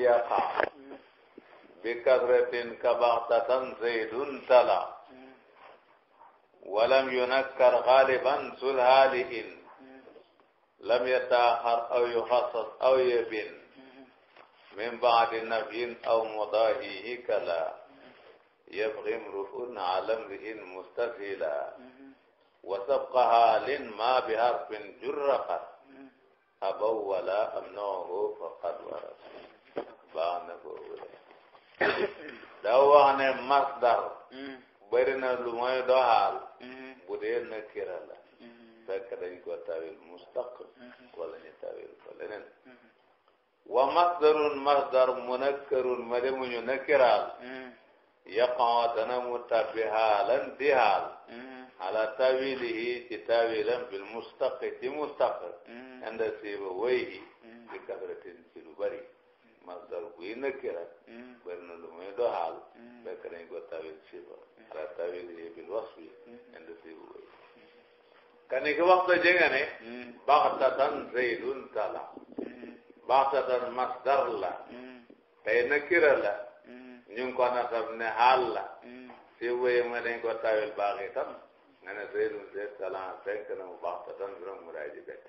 yaqa bi kasratin kabaxtatan zaydun tala walam yunakkar xaaliban sulhaaliin lam yataaxar aw yuxassas aw yabin min baadi nafyin aw mudaahihi kala yabgi mruun ala mriin mustafila wa sabqa haalin ma bi harfin jurraqat abaw wala amnahu faqad waras dafa wax ne masdar mm-hmm. bëri na lu mooy doxaal mm-hmm. bu dee nakira la mm-hmm. fekk dañ ko tawil mustaqil wala ñu tawil ko leneen wa masdarun masdar munakkarun ma demuñu nakiraal yaqon dana mu tabbi haalan di haal ala tawilihi ci tawilam bil mustaqil ci mustaqil anda siiba wayhi ci kabratin ci Um um masdar buy nakira bari na lu muy doxal fekk nañ ko tawil sifa ala tawil yi bil wasfi indi sibu way kani ki waxta jenga ne baxtatan zaydun tala baxtatan masdar la tey nakira la ñu ko nasab ne xaal la sibu way ma dañ ko tawil baax itam nga ne zaydun zayd tala fekk na mu baxtatan birom mu daji bett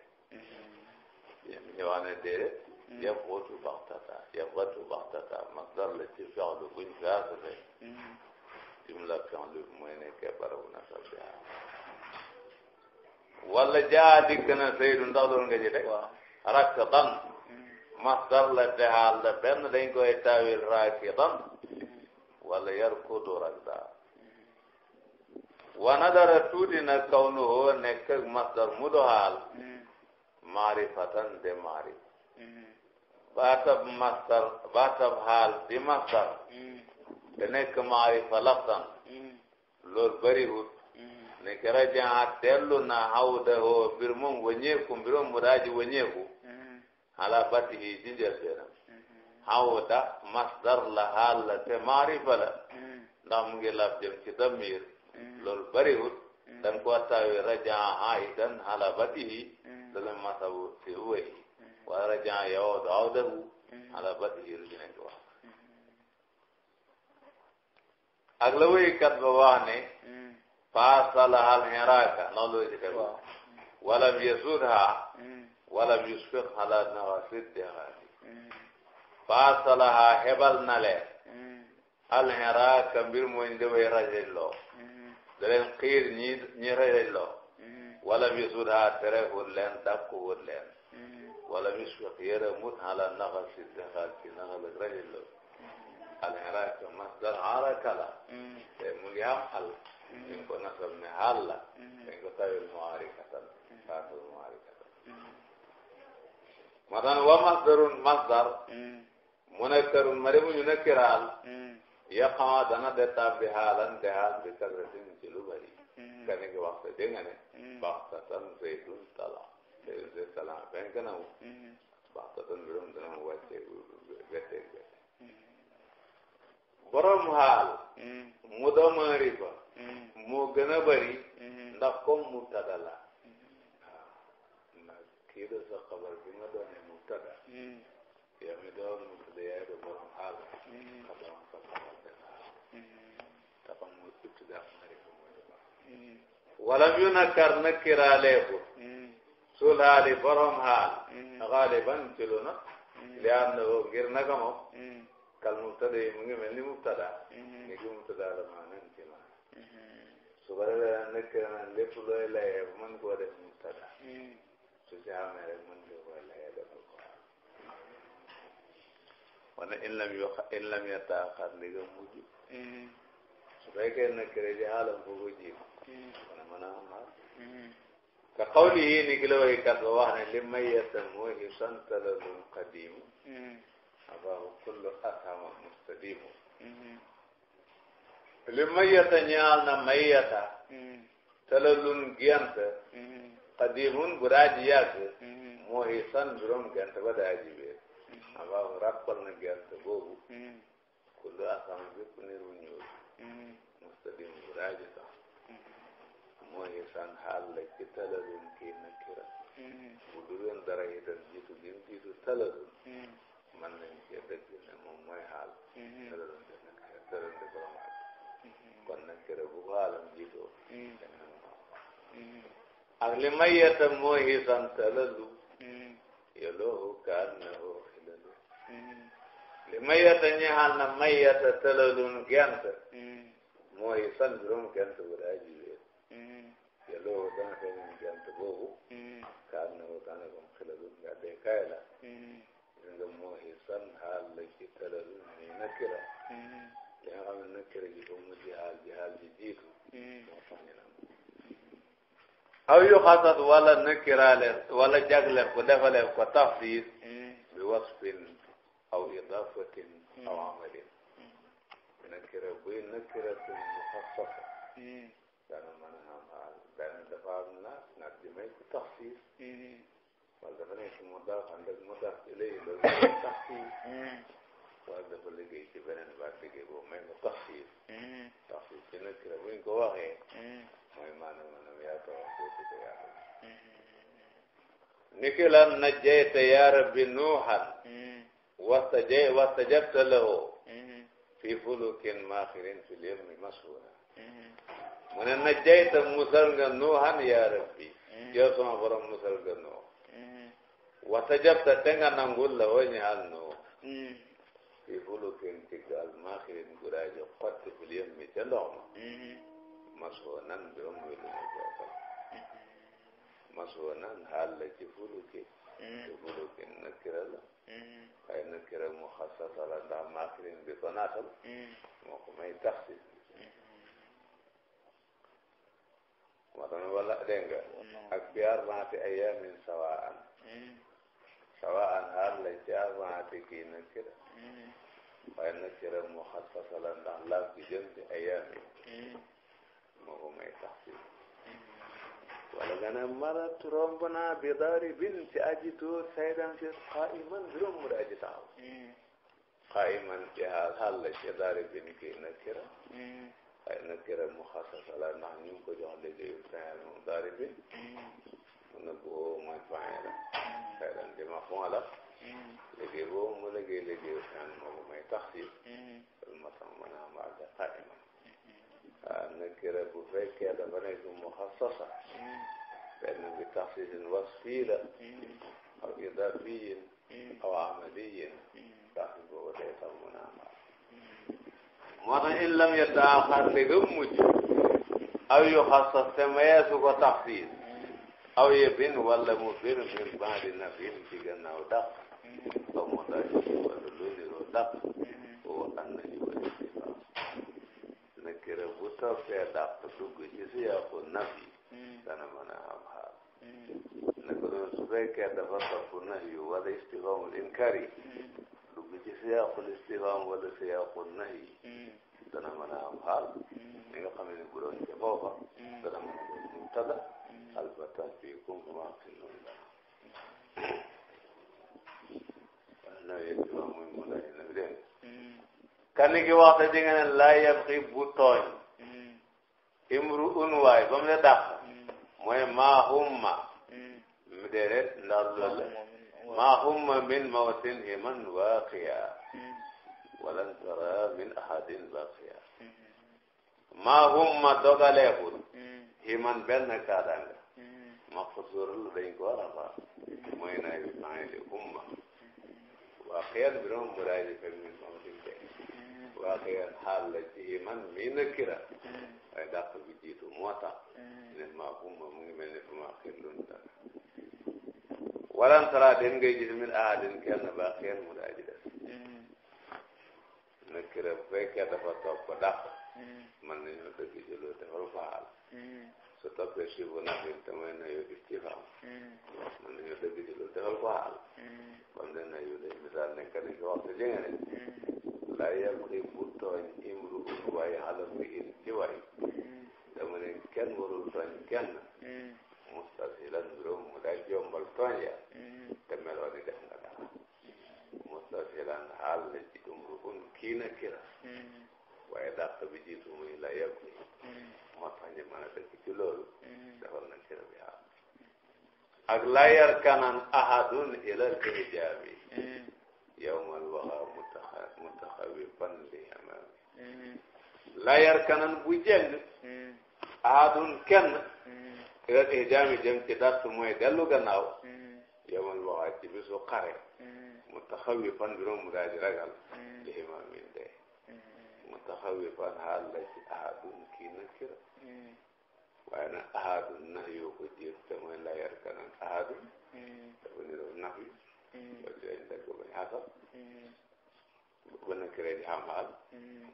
yéen ñu wax ne déedéet yabxutu baxtata yabxatu baxtata masdar la ci fexlu buñ saasfe jumla fexlu bi mooy nekke barabu nasab bi wala jaa dikk na saydu ndax doon nga ci teg rakidan masdar mm. la fexaal la benn dañ koy taawil rakidan mm. wala yarkudu rakda mm. wana dara tuuti na kaw nu hoo nekk masdar de maarif baatab masdar baatab xaal di masdar hmm. te nekk maarifa laftan hmm. loolu bariwut hmm. ne ke rajaa dellu na hawdahoo mbir moom wëñeeku mbiroom mu daaji wëñeeku ala batihi ci njëlbeenam hawda masdar la xaal la te maarifa la ndax mu ngi laf damir loolu bariwut dan ko tawi rajaa haidan ala batihi dana masabu fi wëyi wala rajan yawood awdahu ala badihi rujuna ki wax ak la wéykat ba wax ne faasalaha alhiraka noonu la wéykat ba walam yasudha walam yusfiq ala nawasir dexaati faasalaha hebal na leen alhiraka mbir mooy ndeway rajaj loo da leen xiir ñi ñi rajaj loo walam yasudha tere wut leen dakku wut leen ولم يسبق يرمت على النغل في الدخل في نغل الرجل له العراق مصدر عرك لا mu ngi am xal dañ ko nasab ne xal la dañ ko tawil muarikatan faatul muarikatan ma daan wa masdarun masdar munakkarun mari mu ñu nakkiraal yaqama dana de tabbi haalan de haal bi kasratin ci lu bari waxta dégg nga ne baxtatan zaydun de salaan fen ganaw baax tatan mbirum mu wàcce weteeg wete borom xaal mu domaari ba moo gën a bari mm-hmm. ndax comme mubtada la mm-hmm. ah, ndax kii sa xabar bi nga doone mubtada yow mi doon mubtada mm-hmm. yaay do borom xaal sa xabar de xaal taxam mu ibtidaa maarifa mooy ba walam yu nakar na kiraaleeku suul haali borom haal xaaliban mm-hmm. ci lu not mm-hmm. li am na ko ngir naka moom mm-hmm. kal mubtada yi mu ngi mel ni mubtada ni ki mubtada la maanaam ci maanaam su ko defee nag nekk na lépp looy layee bu mën koo def mubtada su ci amee rek mën nga koo layee defal ko wane in lam yu in lam yataaxar li nga mujj su fekkee nekk rek di xaalam bu ko jiitu mën a mën a amaat ka qawlihi ni ki la way kat ba wax ne li mayyatan mooy santaladun qadimu abaahu kullu atama mustadimu li mayyata ñaal na mayyata talalun gent qadimun bu daaji yàgg mooy san juróom gent ba daaji bee abaahu rappal na gent boobu kullu atama bépp niru ñuul mustadimu bu daaji sax muhisan xaal la ci taladun kii nakira bu mm-hmm. duloon dara itam jiitu gi mu jiitu taladun man mm-hmm. nañ cee dëgg ne moom mooy xaal mm-hmm. taladun de nakira taladun de borom ak kon nakira bu ko xaalam jiitoo ak li may yeta muhisan taladu yeloohu kaannahu xilalu li may yeta ñi xaal na may yeta taladun gent mooy san juróom gent bu daa ji loo dana feeñ jant boobu ka am na daana kom xilalun nga dee kaay la nga moo hisan xaal la ci talalun ni nakira li nga xam ne nakira ji ko ji xaal ji jiitu moo tax ñu naan aw yu xasat wala nakiraaleef wala jagleef ko defaleef ko tafsiir bi wasfin aw idaafatin aw amalin nakira buy nakira mu xasasa dana mën a am benn dafa am naat naat bi may ko taxsiir mm-hmm. wala dafa nekk mu daal ànd ak mu daal léegi loolu mooy taxsiir mm-hmm. wala dafa liggéey ci beneen baat liggéey boobu may ko taxsiir mm-hmm. taxsiir ci nekk la buñ ko waxee mooy maanaam maanaam yaa tawal kooku ko yaatu niki lan najjayta yaa rabbi nuuxan wastaja wastajabta lahu fi fulukin maaxirin fi lyemmi mashuura mu ne najjayta musal nga nuuhan ya rabbi yow sama borom musal nga nuuh wata jabta te nga nangul la woo ñaal nuuh fi fulukin ci gaal maaxirin guraajo xotti fil yemmi ca ndox ma masoo nan bi om lu mu jokkal masoo nan xaal ci fulukin ci fulukin nakira la waaye nakira mu xasasa la ndax maaxirin hmm. bi ko naatal moo ko may taxsis moo tax wala dégg nga ak fi arbaati ayaamin sawaan hmm. sawaan xaal la ci arbaati kii nakira hmm. waaye nakira mu xasfasa la ndax laaf gi jëm ci ayaamin hmm. moo ko may tax si wala nga ne marat romb naa bi bin ci aji tuur saydan si qaiman juróom mu aji taxaw qaiman ci xaal xaal la ci daari bin kii nakira ay nakira muxassasa la ndax ñu ngi ko jox liggéeyu fi'il mudaari bi mm. mu ne ko oh, mooy fa'ila fi'lan di maf'ul la mm. liggéey boobu mu liggéey liggéeyu fi'il moomu may taxsiir mm. loolu moo tax mën a am àgga qaa'ima waaw nakira bu fekkee dafa nekk muxassasa benn bi taxsiisin wasfii la aw idaafiyin aw amaliyin taxsiis boobu day tax mën a am moo tax in lam yataaxar ndegam mujj aw yu xasas te mayeesu ko taxsiis aw yebin walla mu bir min baadi nafin ci gannaaw dàq ba mu daj walla lu niroo dàq wa an nañu wa istifaa nakira bu toppee dàq dugg ci si yàqu nafi dana mën a am xaal naka doon su fekkee dafa topp nafi walla istifaamul inkari dugg ci si yàqu istifaam walla si yàqu nafi dana mën a am xaal li nga xam ne bu booba dana mën a doon mubtada albatan fi complement fi noonu la nawee juma muy mu lay na dégg kan gi waxta di nga ne laa yabxi bu tooñ imru un waay ba mu ne dàq mooy maa humma mu déedéet ndax loolu la maa humma min mawtin iman waaqiya walan tara min ahadin baqiya mm-hmm. maa humma dogaleekul mm-hmm. himan benn kaadanga mm-hmm. maxsuurul dañ ko rafa mooy naa yu maayli humma waaqiyan bi noon muraaji fek min famtin de waaqiyan ci himan mii nakira waaye dàq bi jiitu moo tax maa humma mu ngi mel ni fu walan tara den ngay gis min ahadin kenn baqiyan muraaji nëkkira bu fekkee dafa topp dàq mm. man nañu dëgg jëlu defal faal mm. su toppee si bu nafin te mooy nayu istifam mm. man nañu dëgg jëlu defal faal bam ne nayu day misaal nekk ni ko waxtu jëngane la yem di bu tooñ un waay xalam in ci waay ak la yarkanan ahadun ilal ijabi yawmal waxa mutaxawifan li amami la yarkanan bu jeng ahadun kenn ilal ijabi jëm ci dattu mooy dellu gannaaw yawmal waxa ci bisu xare mutaxawifan biroom mu daa ji ragal li amami de mutaxawifan haal la ci ahadun kii nakira waaye nag ahadun nahyu te mooy la yar kanam hmm. ahadu dafa niroo naf yi loolu hmm. dinañ def ko bañ xasal ba hmm. nakira ji xamaal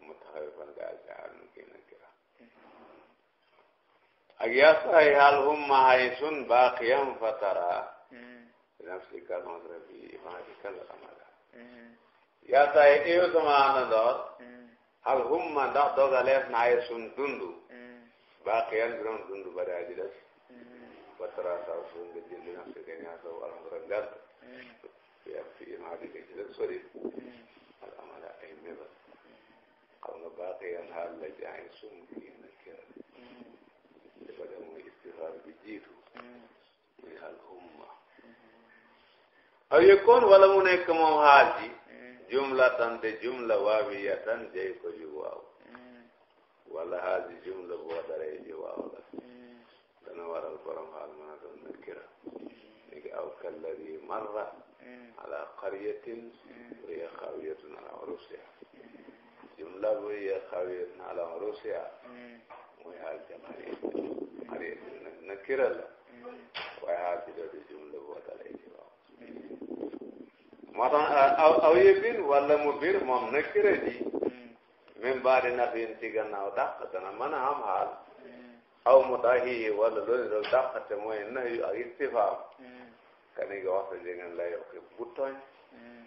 mu taxawee fan gaal ci xaal mu kii nakira ak yasaay hal humma haysun baqiyam fatara binafsika masrafi ifatika al amala yasaay eyo sama anandoor hal humma ndax dogaleef na haysun dundu baqiyan birom dundu ba daa di def batara saw su nga jënd na si gañaa saw alhamdulilah gàtt hmm. di nga jël sori hmm. al amala ay mébal xam nga baaxi yan xaal la jaay sum gi na kër hmm. dafa dem muy istifaar bi jiitu muy al umma aw yëkkoon wala mu nekk moom xaal jumla tan jumla waawiyatan jay ko ju waaw wala xaal jumla boo daree waaw la dana waral borom xaal mën a doon nakira ni ki aw kalladi marra ala qaryatin hiya xawiyatun ala urusiha jumla bu hiya xawiyatun ala urusiha muy xaal jamari xariyat nakira la waaye xaal bi doodu jumla bu watalay ci waaw moo tax aw aw yëbin wala mu bir moom nakira ji min baadi nafin ci gannaaw dàq dana mën a am xaal aw mu tahi wala loolu doon dàqate mooy na yu ak istifaam mm. kan yi nga waxta jegen lay yokke bu tooñ mm.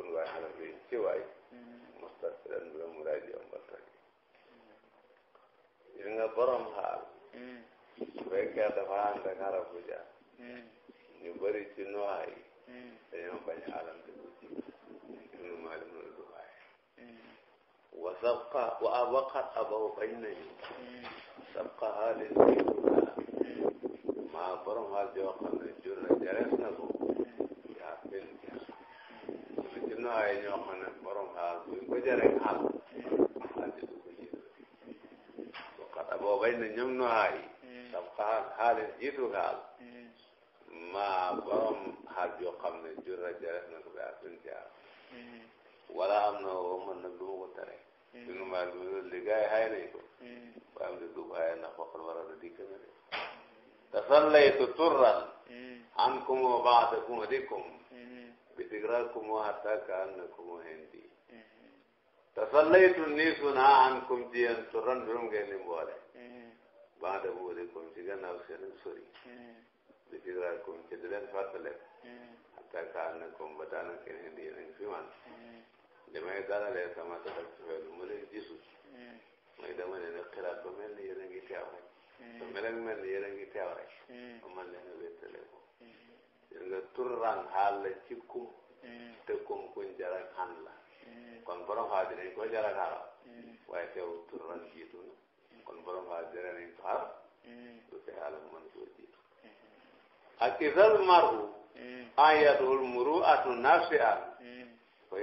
un waay xala bi ci waay mm. mustafiran bi mu daal jëm ba tooñ yi nga borom xaal su fekkee dafa ànd ak arab bu jaar ñu bëri ci noa yi dañoo bañ alante bu ci ibnu maalim na du waaye wa sabqa wa waqat abaw bañ nañu sabqaha lil maymuuna maa borom xaal joo xam jur na jarees ko yaa benn jar mu jur na ay ñoo xam ne borom xaal buñ ko jaree xaal maa borom xaal joo xam jur na jarees ko yaa benn jar wala am na woo mën na lu ma Hmm. sunu maal bi loolu de gars yi xay nañ ko hmm. ba am di dugg xay na faqal wara da dikk na de tasallaytu turran hmm. ankum wa ba'dakum dikum bi digrakum wa hatta ka annakum hindi tasallaytu nisuna ankum jiyan turran durum ngeen ni mboole ba'dakum dikum ci gannaaw seen sori bi digrakum ci di leen fàttale hatta ka annakum ba daanaka hindi yéen a ngi fi man li may galalee sama taxaw ci lu ma leen gisul eh. mooy dama leen a xiraat ba mel ni ngi teew rek eh. ba mel ak mel ni ngi teew rek eh. ba man leen a wéttale ko yéen nga turran xaal la ci te kum kuñ jarak xan la kon borom xaal dinañ ko jarak xaram waaye turran jiitu na kon borom xaal dinañ ko xaram te xaalam mën koo jiitu ak isal maru ayatul muru atu nafsi an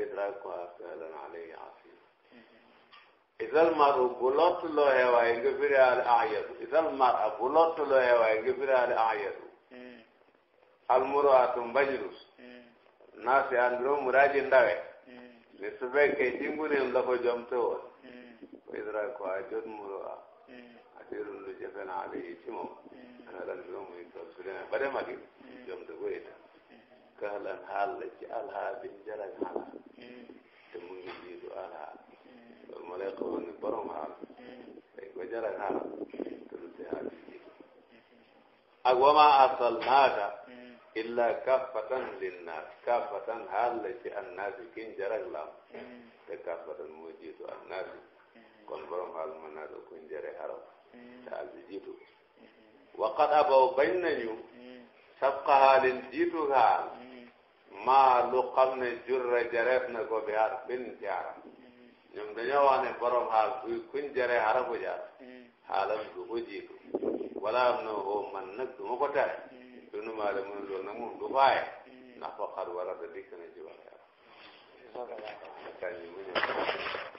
idrakuha fehlan alayhi asir isal mar u bu lott loo xewaay nga ayatu isal mar a bu lott loo xewaay nga firaale ayatu almuraatu mbañrus naasi andro muraaji ndawe mais su fekkee ci nguneem la ko jomte woon wa idrakuha jot murua asirun lu jëfen alayhi ci moom ana lan biro muy tool su demee ba dem ak jomte ko itam kaalan xaal la ci alxaal bi jarak xalaat te mu ngi jiitu alxaal mm. loolu moo lay xamal ni borom xaal mm. dañ ko jarak xalaat te du te xaal bi jiitu mm-hmm. ak wama arsalnaaka mm. illa kaffatan linnaas kaffatan xaal la ci annaas kiñ jarak lam te kaffatan moo jiitu annaas mm-hmm. kon borom xaal mën naa doon kuñ jare xaraw te xaal bi jiitu mm-hmm. waqat abaw bañ nañu sabqa xaalin jiitu xaal maa lu xam ne jurra jareef na ko bi harfin ci arab ñoom dañoo wax ne borom xaal kuy kuñ jaree harafu jaar xaalam du ko jiitu wala na woo man nag du ma tere dunu maa le mun loolu nag moom du bàyyi ndax ko xar wala da dikk na ci wax